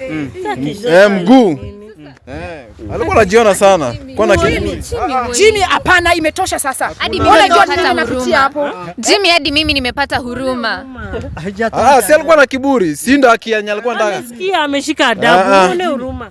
Eh, mguu eh, alikuwa anajiona sana ah, ah. Jimmy. Hapana, imetosha sasa. Napitia hapo Jimmy, hadi mimi nimepata huruma. Ah, si alikuwa na kiburi, si ndo akianya, alikuwa ameshika adabu, huruma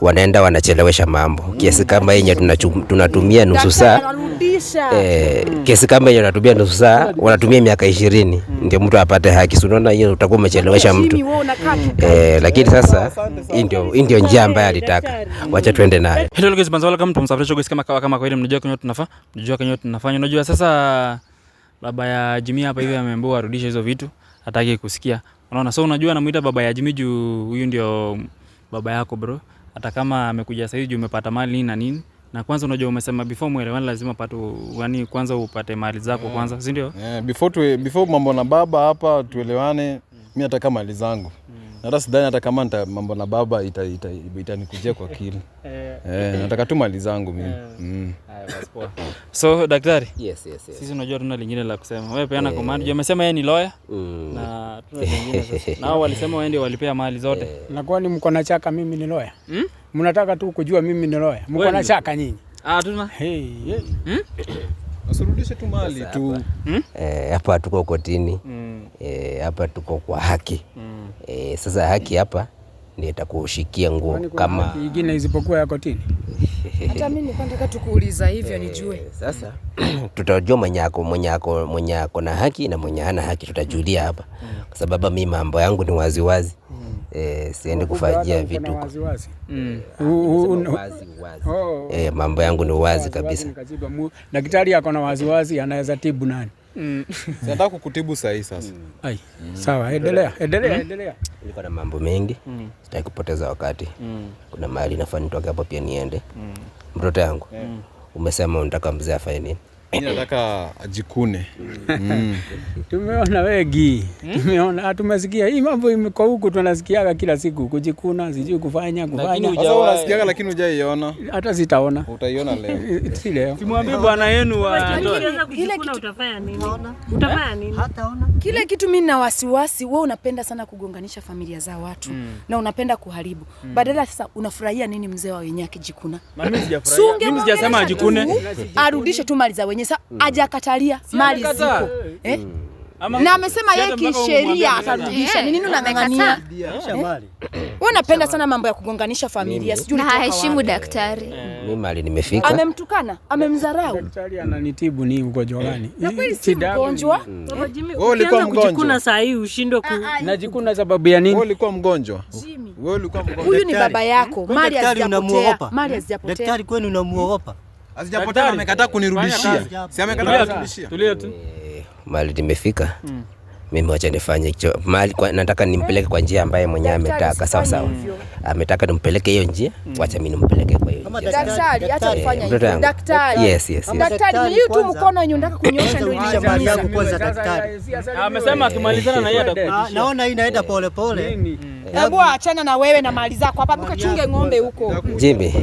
wanaenda wanachelewesha mambo kiasi kama yenye tunatumia nusu saa eh, kiasi kama yenye tunatumia nusu saa wanatumia miaka ishirini ndio mtu apate haki. Unaona, hiyo utakuwa umechelewesha mtu eh, lakini sasa hii ndio njia ambayo alitaka, wacha tuende nayo. Hello guys, banza wala kama tumsafirisha guys, kama kawa kama kweli, mnajua kenyewe tunafaa, mnajua kenyewe tunafanya. Unajua sasa baba ya Jimmy hapa hivi ameambiwa arudishe hizo vitu, hataki kusikia. Unaona, so unajua anamuita baba ya Jimmy juu huyu ndio baba yako bro hata kama amekuja sasa hivi umepata mali nini na nini na kwanza unajua umesema before mwelewani lazima patu yani kwanza upate mali zako kwanza, si ndio? Yeah, before, before mambo na baba hapa tuelewane, mimi nataka mali zangu hata sidhani hata kama nita mambo na baba itanikujia kwa akili. Eh. eh, nataka tu mali zangu mimi. Eh. Mm. So daktari, yes, yes, yes. Sisi unajua tuna lingine la kusema. Wewe peana eh. command. Juu amesema yeye ni lawyer mm. na tuna lingine sasa. Na walisema wao ndio walipea mali zote. Na kwa mko na chaka mimi ni lawyer? Hmm? Mnataka tu kujua mimi ni lawyer. Mko na chaka nyinyi. Ah, tuna. Hey, hey. Hmm? Asurudishe tu mali tu hapa hmm? E, tuko kotini hmm. Eh, hapa hmm. E, tuko kwa haki hmm. E, sasa haki hapa ndio itakushikia nguo kama nyingine isipokuwa ya kotini. Hata mimi nilikuwa nataka tukuuliza hivyo nijue. Sasa tutajua mwenye ako mwenye mwenye na haki na mwenye hana haki tutajulia hapa, hmm. kwa sababu mimi mambo yangu ni waziwazi wazi. Eh, siende kufajia vitu mm. ah, oh. eh, mambo yangu ni wazi kabisa. Daktari ako na waziwazi, anaweza tibu nani? Mm. Nataka kukutibu sahi sasa. Mm. Sawa, endelea endelea endelea. Niko na mambo mengi sitaki kupoteza wakati kuna mahali nafaa nitoke hapo pia niende mtoto yangu umesema unataka mzee afanye nini? Nataka ajikune mm. Tumeona wegi tumeona tumesikia hii mambo imekuwa huku, tunasikiaga kila siku kujikuna, sijui kufanya kufanya. Sasa unasikiaga lakini hujaiona. Hata sitaona. Utaiona leo. Si leo. Simwambie bwana yenu wa kile kitu utafanya nini? Utafanya nini? Hataona. Kile kitu mimi na wasiwasi, wewe unapenda sana kugonganisha familia za watu mm. na unapenda kuharibu. Mm. Badala sasa unafurahia nini mzee wa wenyewe akijikuna? Mimi sijafurahia. Mimi sijasema ajikune. Arudishe tu mali za wenyewe kwenye sa mm. si mali ziko eh? mm. na amesema yeye kisheria atarudisha. Ni nini unang'ang'ania eh? wewe? Unapenda sana mambo ya kugonganisha familia, sijui na haheshimu daktari. Mimi eh. mali nimefika, amemtukana, amemdharau daktari. Ananitibu ni mgonjwa gani? Si hmm. mgonjwa wewe, ulikuwa mgonjwa saa hii ushindwe ah, ah, najikuna ah. sababu ya nini? Wewe ulikuwa mgonjwa Wewe ulikuwa mgonjwa. huyu ni baba yako, hmm. mali hazijapotea, mali hazijapotea. Daktari kwenu unamuogopa? Hazijapotana, amekataa kunirudishia. Si amekataa kunirudishia. Tulia tu. Eh, Mali tumefika. Hmm mimi wacha nifanye hicho mali kwa, nataka nimpeleke kwa njia ambaye mwenyewe ametaka. Sawa sawa, ametaka nimpeleke hiyo njia, mm. wacha mimi nimpeleke kwa hiyo njia. Daktari acha kufanya hivyo, daktari. Yes, yes, yes. Daktari ni tu mkono wenyewe unataka kunyosha, ndio ile jambo yangu kwanza. Daktari amesema akimalizana na yeye, ah, naona hii inaenda pole pole. Eh, hebu achana na wewe na mali zako hapa, chunge ng'ombe huko. Jimmy,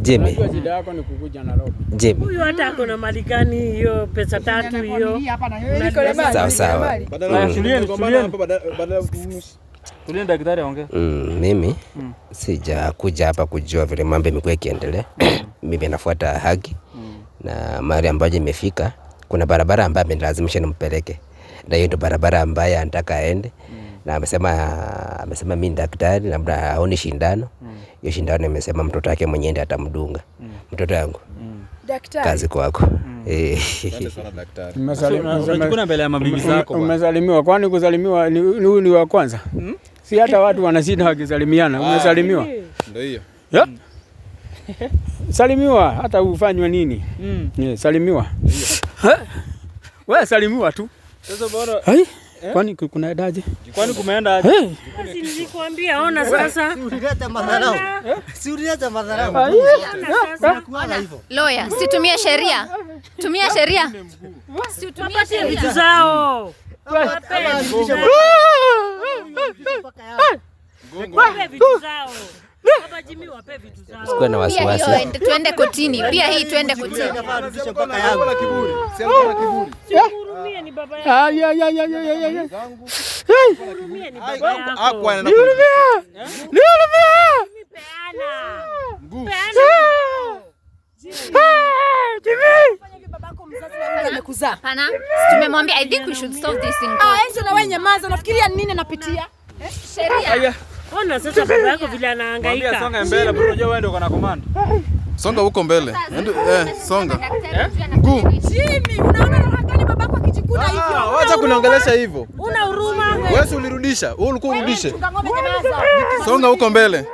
Jimmy, shida yako ni kukuja na roho. Jimmy, huyu hata ako na mali gani hiyo? Pesa tatu hiyo. Sawa sawa. Mm, mimi sijakuja hapa kujua vile mambo imekuwa ikiendelea. Mm. Mimi nafuata haki mm. na mahali ambayo imefika. Kuna barabara ambayo amelazimisha nimpeleke, na hiyo ndo barabara ambayo anataka aende na amesema amesema mimi daktari, labda aone shindano hiyo. Shindano imesema mtoto wake mwenyewe ndiye atamdunga mtoto yangu kazi kwako. Mm. Eh. Umesalimiwa kwani kusalimiwa huyu ni wa kwanza? Hmm? Si hata watu wanashinda wakisalimiana. Ah. Umesalimiwa ndio hiyo hmm. Salimiwa hata ufanywe nini? Mm. Yeah, salimiwa. Wewe salimiwa tu. Sasa bora. Eh? Kwani kuna daje? Kwani kumeenda aje? Basi nilikwambia ona sasa. Si ulilete madharau. Eh? Si ulilete hivyo. Lawyer, situmie sheria. Tumia sheria. Situmie vitu zao. Wape vitu zao. Sikuwe na wasiwasi. Tuende eh? kotini pia hii, tuende kotini. Tumemwambia, I think we ah, nyamaza, unafikiria nini napitia? Eh? Sheria. Ona sasa baba yako vile anahangaika. Songa mbele bro, unajua wewe ndio na command. Songa huko mbele. Eh, songa. Mguu. Jimmy, unaona roho gani yako akijikuna hivyo? Ah, wacha kunaongelesha hivyo. Una huruma. Wewe ulirudisha, wewe ulikuwa urudishe. Songa huko mbele.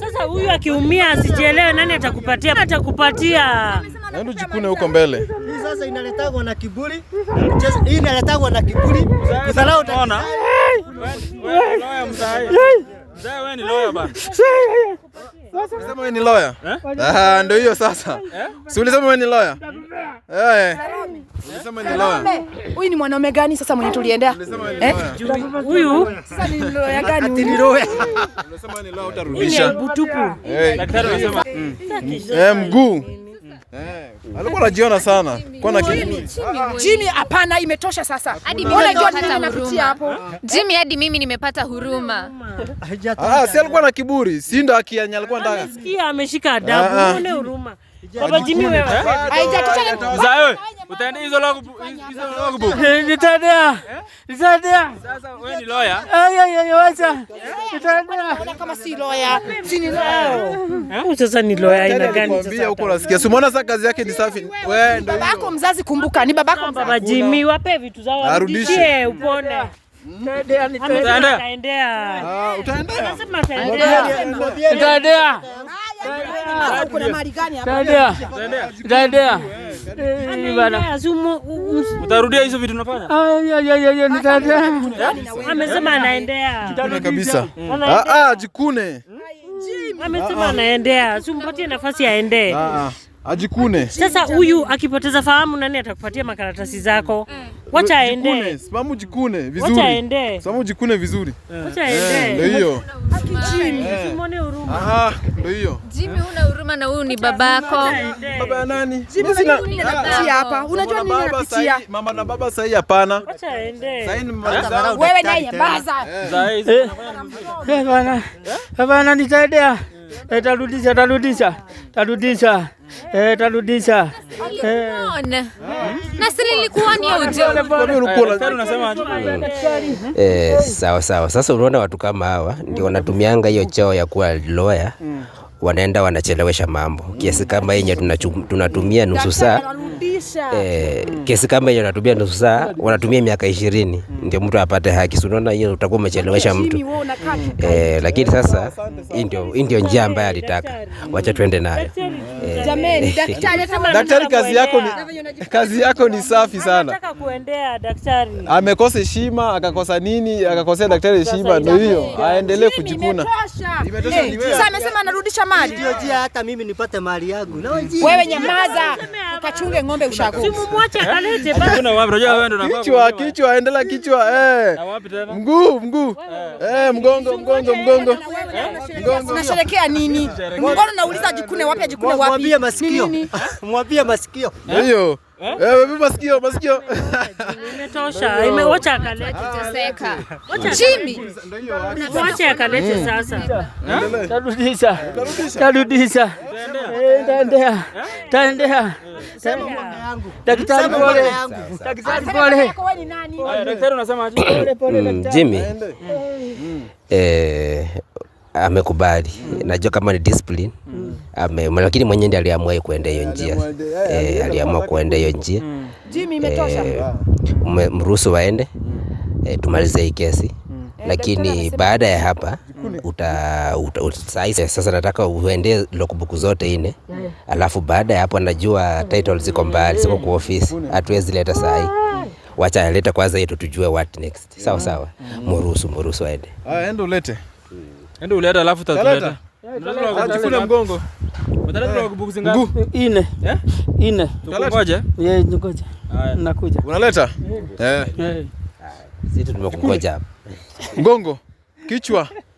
Sasa huyu akiumia asijielewe nani atakupatia? Atakupatia. Nenda jikune huko mbele. Hii sasa inaletagwa na kiburi. Hii inaletagwa na kiburi. Kudharau utaona. Wewe mzai. Wewe ni lawyer Ah, ndio hiyo sasa. Eh? Si ulisema wewe ni lawyer? Eh. Ulisema ni lawyer. Huyu ni mwanaume gani sasa mwenye tuliendea? Eh? Huyu sasa ni lawyer gani? Ati ni lawyer. ni lawyer utarudisha. Daktari anasema. Hmm. Eh, mguu. Eh, Alikuwa anajiona sana. Kwa na Jimmy, ah. hapana, imetosha sasa. Hadi mimi nakutia hapo. Eh? Jimmy, hadi mimi nimepata huruma. Ah, Si alikuwa na kiburi, si ndo akianya alikuwa ndaga. Amesikia ameshika adabu, muone ah, ah. huruma. Baba umeona sasa kazi yake ni safi. Babako mzazi kumbuka, ni babako Baba Jimmy wape vitu zao arudishie upone. Ah, utaendea kuna Utarudia hizo vitu unafanya? Ah, eh? Amesema anaendea. Kabisa. Hmm. Ah ah, jikune. Amesema ah, ah. anaendea. Simpatie nafasi aendee. Ajikune. Sasa huyu akipoteza fahamu, nani atakupatia makaratasi zako? Hmm. Wacha aende. Simamu jikune vizuri. Wacha aende. Simamu jikune vizuri. Eh, Wacha aende. Ndio hiyo. Eh. Ndio hiyo. Jimmy, una huruma na huyu ni babako. Baba ya nani? Hapa. Unajua nini napitia? Mama na baba sasa hapana. Acha aende. Wewe naye baza. Eh. Eh, bwana. Bwana nitaendea eh, tarudisha tarudisha tarudisha eh, tarudisha eh. eh, sawa sawa. Sasa unaona watu kama hawa ndio wanatumianga hiyo chao ya kuwa lawyer hmm wanaenda wanachelewesha mambo kiasi kama yenye tunatumia nusu saa eh, kiasi kama yenye tunatumia nusu saa wanatumia miaka ishirini ndio mtu apate haki. Unaona, hiyo utakuwa umechelewesha mtu eh, lakini sasa hii ndio njia ambayo alitaka, wacha tuende nayo Daktari, eh. kazi yako ni, kazi yako ni safi sana. Amekosa heshima akakosa nini? Akakosea daktari heshima, ndio hiyo aendelee kujikuna. amesema eh, anarudisha mali. Ndio jia hata mimi nipate mali yangu. Na wewe nyamaza, ukachunge ng'ombe ushako. Simumwache akalete basi. Kuna wapi? Unajua wewe ndo na unafahamu. Kichwa kichwa, endelea kichwa. Eh. Na wapi tena? Mguu, mguu. Eh, mgongo, mgongo, mgongo. Unasherekea nini? Mbona unauliza jikune wapi? Jikune wapi? Mwambie masikio. Mwambie masikio. Ndio. Eh, eh? eh masikio, masikio. Imetosha. Imeocha akalete teseka. Chini. Wacha akalete ah, mm. sasa. Eh? Tarudisha. Tarudisha. Taendea. Taendea. Daktari pole. Daktari pole. Daktari unasema aje? Pole pole mm. daktari. Jimmy. Eh, amekubali mm. Najua kama ni discipline mm. Ame, lakini mwenye ndiye aliamua kuenda hiyo njia eh, aliamua kuenda hiyo njia mm. Eh, mruhusu waende mm. e, tumalize hii kesi mm. Eh, lakini e, baada ya hapa uta, uta, uta, uta, sasa nataka uende lokubuku zote ine yeah. Alafu baada ya hapo anajua title ziko mbali ziko kwa ofisi hatuwezi leta saa hii wacha leta kwanza yetu tujue what next. Sawa sawa, mm. mruhusu mruhusu aende aende ulete mm. Yaani ende uleta alafu tutaleta. Yaani Unachukua mgongo. Eh. Ine. Eh? Ine. Tukungoje? Ye, eh, ngoja. Nakuja. Unaleta? Eh. Sisi tumekungoja hapa. Mgongo. Kichwa.